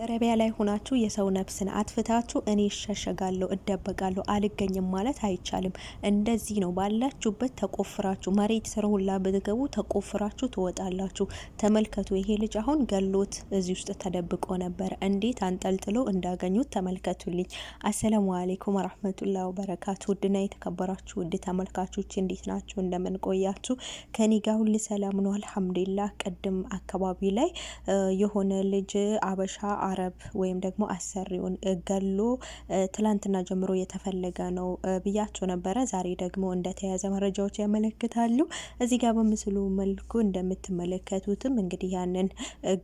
ደረቢያ ላይ ሆናችሁ የሰው ነፍስን አትፍታችሁ እኔ ይሸሸጋለሁ እደበቃለሁ አልገኝም ማለት አይቻልም። እንደዚህ ነው። ባላችሁበት ተቆፍራችሁ መሬት ስር ሁላ ብትገቡ ተቆፍራችሁ ትወጣላችሁ። ተመልከቱ፣ ይሄ ልጅ አሁን ገሎት እዚህ ውስጥ ተደብቆ ነበር። እንዴት አንጠልጥሎ እንዳገኙት ተመልከቱልኝ። አሰላሙ አሌይኩም ወራህመቱላ ወበረካቱ። ውድና የተከበራችሁ ውድ ተመልካቾች እንዴት ናችሁ? እንደምንቆያችሁ ከኔ ጋር ሁል ሰላም ነው አልሐምዱሊላህ። ቅድም አካባቢ ላይ የሆነ ልጅ አበሻ አረብ ወይም ደግሞ አሰሪውን ገሎ ትላንትና ጀምሮ የተፈለገ ነው ብያቸው ነበረ። ዛሬ ደግሞ እንደተያዘ መረጃዎች ያመለክታሉ። እዚህ ጋር በምስሉ መልኩ እንደምትመለከቱትም እንግዲህ ያንን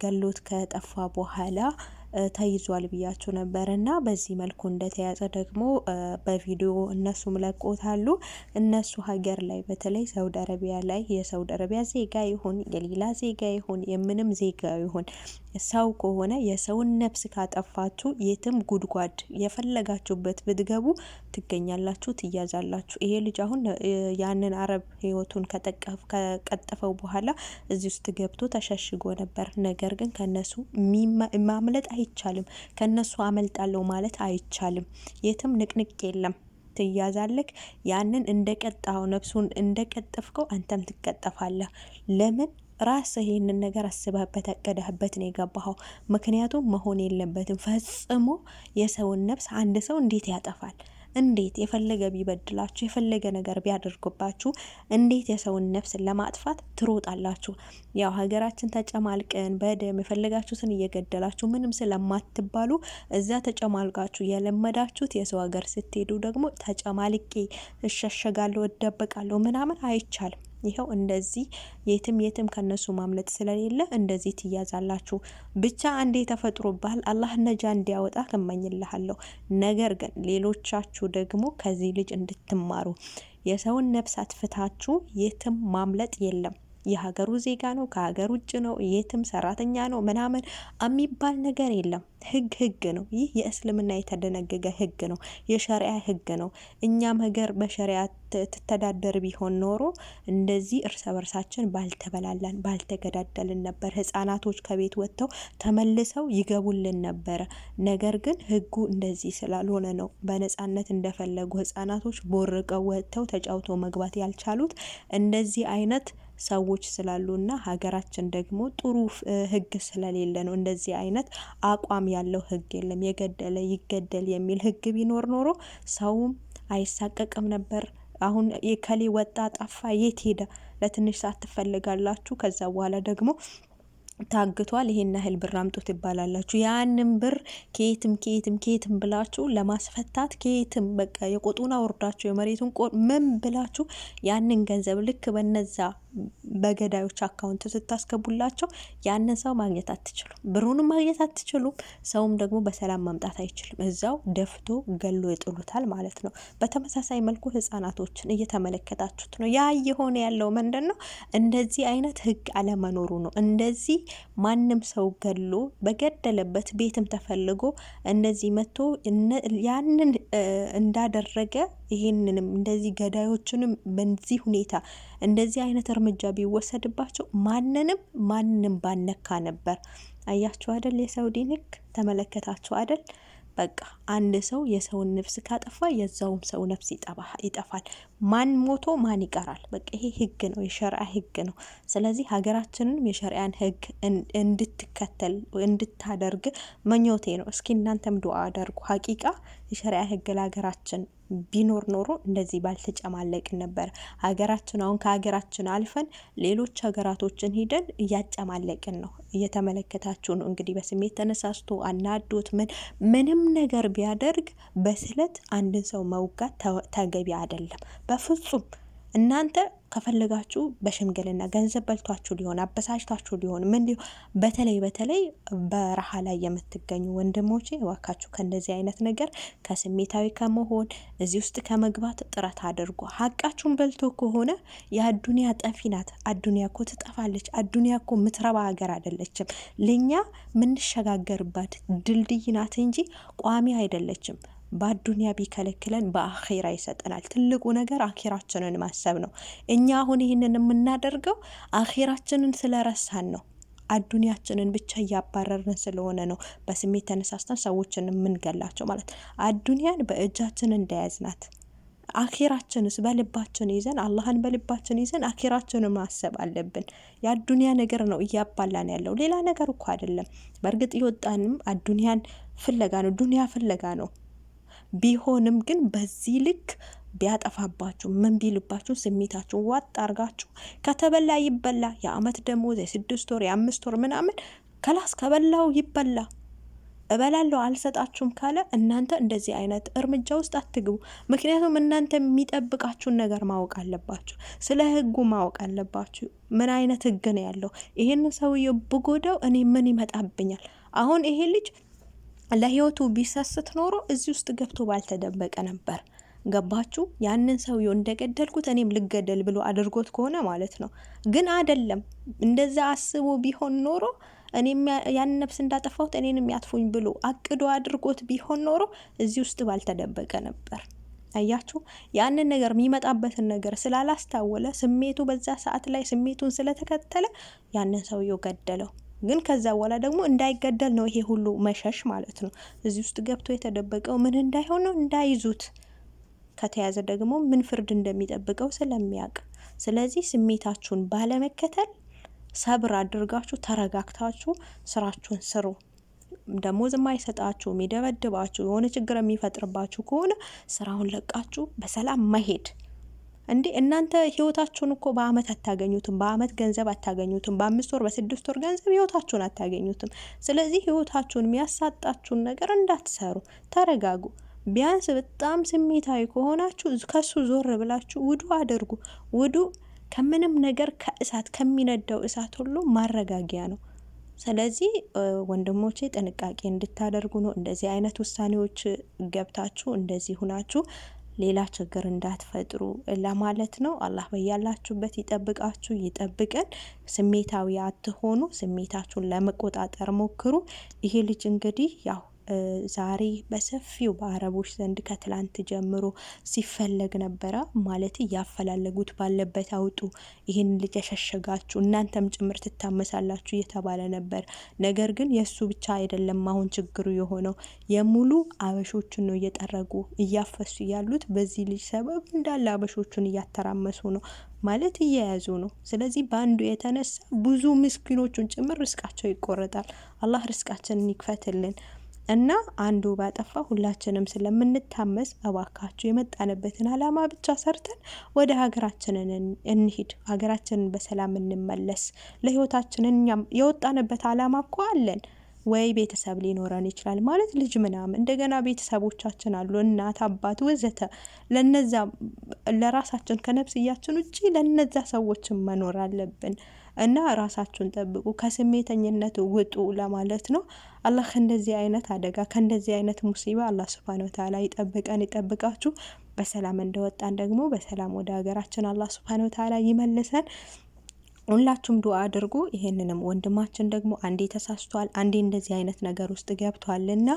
ገሎት ከጠፋ በኋላ ተይዟል ብያችሁ ነበር እና በዚህ መልኩ እንደተያዘ ደግሞ በቪዲዮ እነሱም ለቆታሉ። እነሱ ሀገር ላይ በተለይ ሳውዲ አረቢያ ላይ የሳውዲ አረቢያ ዜጋ ይሁን የሌላ ዜጋ ይሁን የምንም ዜጋ ይሁን ሰው ከሆነ የሰውን ነፍስ ካጠፋችሁ የትም ጉድጓድ የፈለጋችሁበት ብትገቡ ትገኛላችሁ፣ ትያዛላችሁ። ይሄ ልጅ አሁን ያንን አረብ ህይወቱን ከቀጠፈው በኋላ እዚህ ውስጥ ገብቶ ተሸሽጎ ነበር። ነገር ግን ከነሱ ማምለጥ አይቻልም። ከነሱ አመልጣለሁ ማለት አይቻልም። የትም ንቅንቅ የለም። ትያዛለክ። ያንን እንደ ቀጣው ነፍሱን እንደ ቀጠፍከው አንተም ትቀጠፋለህ። ለምን ራስህ ይህንን ነገር አስበህበት አቀደህበት ነው የገባኸው። ምክንያቱም መሆን የለበትም ፈጽሞ። የሰውን ነፍስ አንድ ሰው እንዴት ያጠፋል? እንዴት የፈለገ ቢበድላችሁ የፈለገ ነገር ቢያደርጉባችሁ እንዴት የሰውን ነፍስ ለማጥፋት ትሮጣላችሁ? ያው ሀገራችን ተጨማልቀን በደም የፈለጋችሁትን እየገደላችሁ ምንም ስለማትባሉ እዛ ተጨማልቃችሁ የለመዳችሁት የሰው ሀገር ስትሄዱ ደግሞ ተጨማልቄ እሸሸጋለሁ፣ እደበቃለሁ ምናምን አይቻልም። ይኸው እንደዚህ የትም የትም ከነሱ ማምለጥ ስለሌለ እንደዚህ ትያዛላችሁ። ብቻ አንዴ የተፈጥሮ ባህል አላህ ነጃ እንዲያወጣ እመኝልሃለሁ። ነገር ግን ሌሎቻችሁ ደግሞ ከዚህ ልጅ እንድትማሩ የሰውን ነፍስ አትፍታችሁ የትም ማምለጥ የለም። የሀገሩ ዜጋ ነው፣ ከሀገር ውጭ ነው፣ የትም ሰራተኛ ነው ምናምን የሚባል ነገር የለም። ህግ ህግ ነው። ይህ የእስልምና የተደነገገ ህግ ነው፣ የሸሪያ ህግ ነው። እኛም ሀገር በሸሪያ ትተዳደር ቢሆን ኖሮ እንደዚህ እርስ በርሳችን ባልተበላላን ባልተገዳደልን ነበር። ህጻናቶች ከቤት ወጥተው ተመልሰው ይገቡልን ነበረ። ነገር ግን ህጉ እንደዚህ ስላልሆነ ነው በነጻነት እንደፈለጉ ህጻናቶች ቦርቀው ወጥተው ተጫውተው መግባት ያልቻሉት እንደዚህ አይነት ሰዎች ስላሉ እና ሀገራችን ደግሞ ጥሩ ህግ ስለሌለ ነው እንደዚህ አይነት አቋም ያለው ህግ የለም። የገደለ ይገደል የሚል ህግ ቢኖር ኖሮ ሰውም አይሳቀቅም ነበር። አሁን የከሌ ወጣ ጠፋ የት ሄደ? ለትንሽ ሰዓት ትፈልጋላችሁ ከዛ በኋላ ደግሞ ታግቷል ይሄን ያህል ብር አምጡ ትባላላችሁ። ያንን ብር ከየትም ከየትም ከየትም ብላችሁ ለማስፈታት ከየትም በቃ የቆጡን አውርዳችሁ የመሬቱን ቆ ምን ብላችሁ ያንን ገንዘብ ልክ በነዛ በገዳዮች አካውንት ስታስገቡላቸው ያንን ሰው ማግኘት አትችሉም፣ ብሩንም ማግኘት አትችሉም። ሰውም ደግሞ በሰላም መምጣት አይችልም። እዛው ደፍቶ ገሎ ይጥሉታል ማለት ነው። በተመሳሳይ መልኩ ህጻናቶችን እየተመለከታችሁት ነው። ያ እየሆነ ያለው ምንድን ነው? እንደዚህ አይነት ህግ አለመኖሩ ነው። እንደዚህ ማንም ሰው ገሎ በገደለበት ቤትም ተፈልጎ እንደዚህ መጥቶ ያንን እንዳደረገ ይህንንም እንደዚህ ገዳዮችንም በዚህ ሁኔታ እንደዚህ አይነት እርምጃ ቢወሰድባቸው ማንንም ማንንም ባነካ ነበር። አያችሁ አደል? የሳውዲን ህግ ተመለከታችሁ አደል? በቃ አንድ ሰው የሰውን ነፍስ ካጠፋ የዛውም ሰው ነፍስ ይጠፋል። ማን ሞቶ ማን ይቀራል? በቃ ይሄ ህግ ነው፣ የሸሪያ ህግ ነው። ስለዚህ ሀገራችንም የሸሪያን ህግ እንድትከተል እንድታደርግ መኞቴ ነው። እስኪ እናንተም ድ አደርጉ ሀቂቃ የሸሪያ ህግ ለሀገራችን ቢኖር ኖሮ እንደዚህ ባልተጨማለቅን ነበር። ሀገራችን አሁን ከሀገራችን አልፈን ሌሎች ሀገራቶችን ሂደን እያጨማለቅን ነው። እየተመለከታችሁ ነው እንግዲህ በስሜት ተነሳስቶ አናዶት ምን ምንም ነገር ቢያደርግ በስለት አንድን ሰው መውጋት ተገቢ አይደለም በፍጹም። እናንተ ከፈለጋችሁ በሽምግልና ገንዘብ በልቷችሁ ሊሆን አበሳጭቷችሁ ሊሆን ምን ሊሆን፣ በተለይ በተለይ በረሃ ላይ የምትገኙ ወንድሞቼ እባካችሁ ከእንደዚህ አይነት ነገር ከስሜታዊ ከመሆን እዚህ ውስጥ ከመግባት ጥረት አድርጉ። ሀቃችሁን በልቶ ከሆነ የአዱኒያ ጠፊ ናት። አዱኒያ ኮ ትጠፋለች። አዱኒያ ኮ ምትረባ ሀገር አይደለችም። ለእኛ ምንሸጋገርባት ድልድይ ናት እንጂ ቋሚ አይደለችም። በአዱኒያ ቢከለክለን በአኼራ ይሰጠናል። ትልቁ ነገር አኼራችንን ማሰብ ነው። እኛ አሁን ይህንን የምናደርገው አኼራችንን ስለረሳን ነው። አዱኒያችንን ብቻ እያባረርን ስለሆነ ነው። በስሜት ተነሳስተን ሰዎችን የምንገላቸው ማለት ነው። አዱኒያን በእጃችን እንደያዝናት አኪራችንስ በልባችን ይዘን አላህን በልባችን ይዘን አኼራችንን ማሰብ አለብን። የአዱኒያ ነገር ነው እያባላን ያለው ሌላ ነገር እኮ አይደለም። በእርግጥ የወጣንም አዱኒያን ፍለጋ ነው፣ ዱኒያ ፍለጋ ነው። ቢሆንም ግን በዚህ ልክ ቢያጠፋባችሁ ምን ቢልባችሁ ስሜታችሁ ዋጥ አርጋችሁ ከተበላ ይበላ፣ የአመት ደሞዝ የስድስት ወር የአምስት ወር ምናምን ከላስ ከበላው ይበላ እበላለሁ አልሰጣችሁም ካለ እናንተ እንደዚህ አይነት እርምጃ ውስጥ አትግቡ። ምክንያቱም እናንተ የሚጠብቃችሁን ነገር ማወቅ አለባችሁ። ስለ ህጉ ማወቅ አለባችሁ። ምን አይነት ህግ ነው ያለው? ይህን ሰውዬው ብጎዳው እኔ ምን ይመጣብኛል? አሁን ይሄ ልጅ ለህይወቱ ቢሰስት ኖሮ እዚህ ውስጥ ገብቶ ባልተደበቀ ነበር። ገባችሁ? ያንን ሰውየው እንደገደልኩት እኔም ልገደል ብሎ አድርጎት ከሆነ ማለት ነው። ግን አደለም። እንደዛ አስቦ ቢሆን ኖሮ እኔም ያንን ነፍስ እንዳጠፋሁት እኔንም ያጥፉኝ ብሎ አቅዶ አድርጎት ቢሆን ኖሮ እዚህ ውስጥ ባልተደበቀ ነበር። አያችሁ? ያንን ነገር የሚመጣበትን ነገር ስላላስታወለ ስሜቱ በዛ ሰዓት ላይ ስሜቱን ስለተከተለ ያንን ሰውየው ገደለው። ግን ከዛ በኋላ ደግሞ እንዳይገደል ነው ይሄ ሁሉ መሸሽ ማለት ነው። እዚህ ውስጥ ገብቶ የተደበቀው ምን እንዳይሆን ነው እንዳይዙት ከተያዘ ደግሞ ምን ፍርድ እንደሚጠብቀው ስለሚያውቅ፣ ስለዚህ ስሜታችሁን ባለመከተል ሰብር አድርጋችሁ ተረጋግታችሁ ስራችሁን ስሩ። ደሞዝ የማይሰጣችሁ የሚደበድባችሁ፣ የሆነ ችግር የሚፈጥርባችሁ ከሆነ ስራውን ለቃችሁ በሰላም መሄድ እንዴ እናንተ ህይወታችሁን እኮ በአመት አታገኙትም። በአመት ገንዘብ አታገኙትም። በአምስት ወር በስድስት ወር ገንዘብ ህይወታችሁን አታገኙትም። ስለዚህ ህይወታችሁን የሚያሳጣችሁን ነገር እንዳትሰሩ፣ ተረጋጉ። ቢያንስ በጣም ስሜታዊ ከሆናችሁ ከሱ ዞር ብላችሁ ውዱ አድርጉ። ውዱ ከምንም ነገር ከእሳት ከሚነዳው እሳት ሁሉ ማረጋጊያ ነው። ስለዚህ ወንድሞቼ ጥንቃቄ እንድታደርጉ ነው። እንደዚህ አይነት ውሳኔዎች ገብታችሁ እንደዚህ ሁናችሁ ሌላ ችግር እንዳትፈጥሩ ለማለት ነው። አላህ በያላችሁበት ይጠብቃችሁ፣ ይጠብቀን። ስሜታዊ አትሆኑ። ስሜታችሁን ለመቆጣጠር ሞክሩ። ይሄ ልጅ እንግዲህ ያው ዛሬ በሰፊው በአረቦች ዘንድ ከትላንት ጀምሮ ሲፈለግ ነበረ። ማለት እያፈላለጉት ባለበት አውጡ፣ ይህን ልጅ ያሸሸጋችሁ እናንተም ጭምር ትታመሳላችሁ እየተባለ ነበር። ነገር ግን የእሱ ብቻ አይደለም አሁን ችግሩ የሆነው የሙሉ አበሾቹን ነው እየጠረጉ እያፈሱ ያሉት። በዚህ ልጅ ሰበብ እንዳለ አበሾቹን እያተራመሱ ነው ማለት እየያዙ ነው። ስለዚህ በአንዱ የተነሳ ብዙ ምስኪኖቹን ጭምር ርስቃቸው ይቆረጣል። አላህ ርስቃችንን ይክፈትልን። እና አንዱ ባጠፋ ሁላችንም ስለምንታመስ እባካችሁ የመጣንበትን ዓላማ ብቻ ሰርተን ወደ ሀገራችንን እንሂድ፣ ሀገራችንን በሰላም እንመለስ። ለህይወታችን እኛም የወጣንበት ዓላማ እኮ አለን። ወይ ቤተሰብ ሊኖረን ይችላል ማለት ልጅ ምናምን፣ እንደገና ቤተሰቦቻችን አሉ፣ እናት አባት፣ ወዘተ። ለነዛ ለራሳችን ከነፍስያችን ውጪ ለነዛ ሰዎችን መኖር አለብን። እና ራሳችሁን ጠብቁ፣ ከስሜተኝነት ውጡ ለማለት ነው። አላህ ከእንደዚህ አይነት አደጋ ከእንደዚህ አይነት ሙሲባ አላህ ስብሃነ ወተዓላ ይጠብቀን፣ ይጠብቃችሁ። በሰላም እንደወጣን ደግሞ በሰላም ወደ ሀገራችን አላህ ስብሃነ ወተዓላ ይመልሰን። ሁላችሁም ዱአ አድርጉ። ይሄንንም ወንድማችን ደግሞ አንዴ ተሳስቷል፣ አንዴ እንደዚህ አይነት ነገር ውስጥ ገብቷልና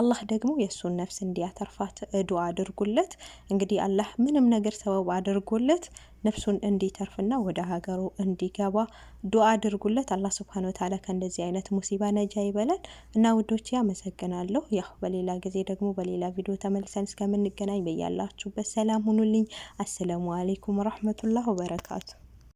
አላህ ደግሞ የእሱን ነፍስ እንዲያተርፋት ዱአ አድርጉለት። እንግዲህ አላህ ምንም ነገር ሰበብ አድርጎለት ነፍሱን እንዲተርፍና ወደ ሀገሩ እንዲገባ ዱአ አድርጉለት። አላህ ስብሐነ ወተዓላ ከእንደዚህ አይነት ሙሲባ ነጃ ይበለን እና ውዶች አመሰግናለሁ። ያው በሌላ ጊዜ ደግሞ በሌላ ቪዲዮ ተመልሰን እስከምንገናኝ በያላችሁበት ሰላም ሁኑልኝ። አሰላሙ አሌይኩም ወረህመቱላህ ወበረካቱ